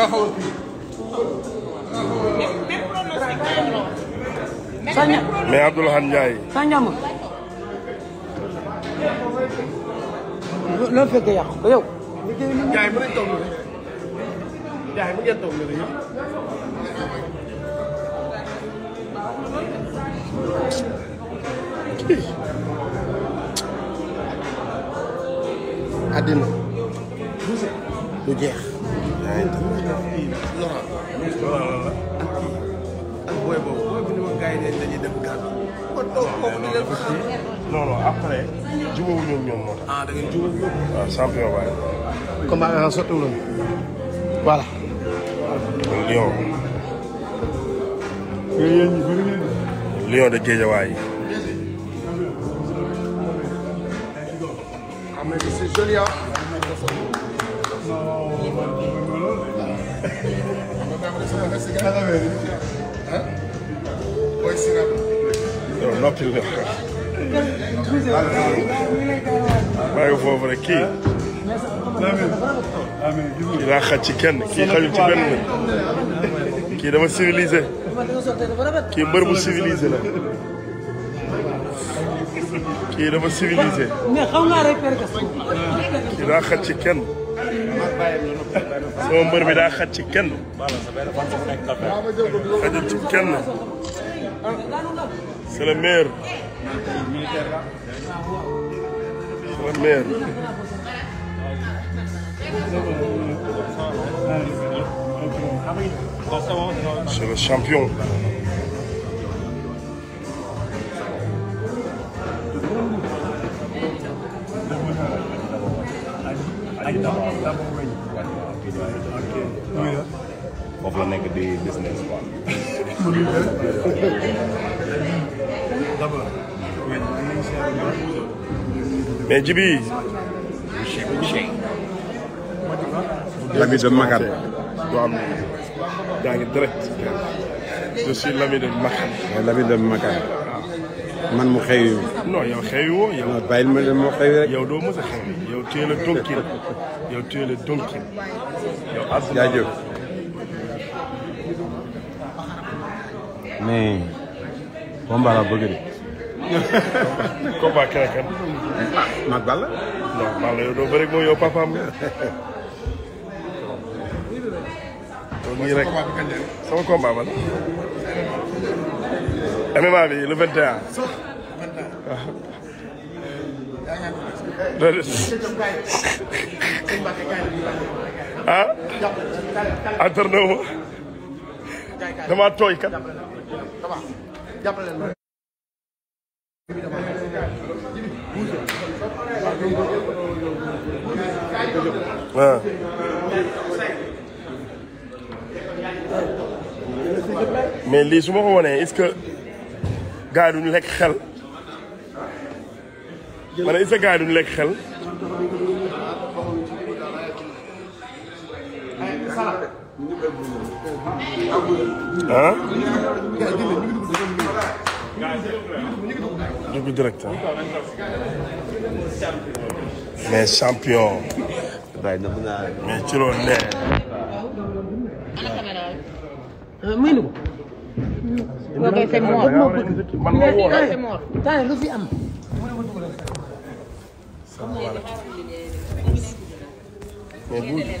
Agafalo. Sanya. Mais Abdoul Handiaye. Sanya ma. loo fekk yàqu ko yow. gars yi mën nañu toog ñu ne gars yi mën ngeen toog ñu ne yow. àddina du jeex. Laurent. Laurent la. ak kii ñoom ñoom moo tax. waaye. comme maa ngi sotti wuloon voilà. Lion. Lion de Guédiawaye. Ah mais c'est joli hein. Não, Mas eu vou por aqui. Irá khatiken, ki khalim tiben. Ki dama civilisé. Ki mbeur civilisé la. Ki dama civilisé. Ne xaw nga rek perga. Kira khatiken. sama mbër mi daa xaj ci kenn. xajul ci c'est le maire. c'est champion. of la negative business quoi. Benjibi. Djiby. l'ami de Makan. waaw je suis l'ami de Makan. l'ami de Makan. man mu xewi non yow xewi woo yow. waaw ma dem ma rek. yow doo mos a xewi yow tu es yow tu es yow. jaajëf. Nih, combat laa Kau pakai combat kan. mag Balla. non Balla yow doo bëri ak sama combat ba le 21. ah. entraîné wu ma. damaa dama jàppale mais lii su ma ko wanee est-ce que gars yi lekk xel ma ne est-ce lekk xel ah. dugg direct mais champion. mais ci loolu nee. muy nu. ok c'est mort man lu fi am. mais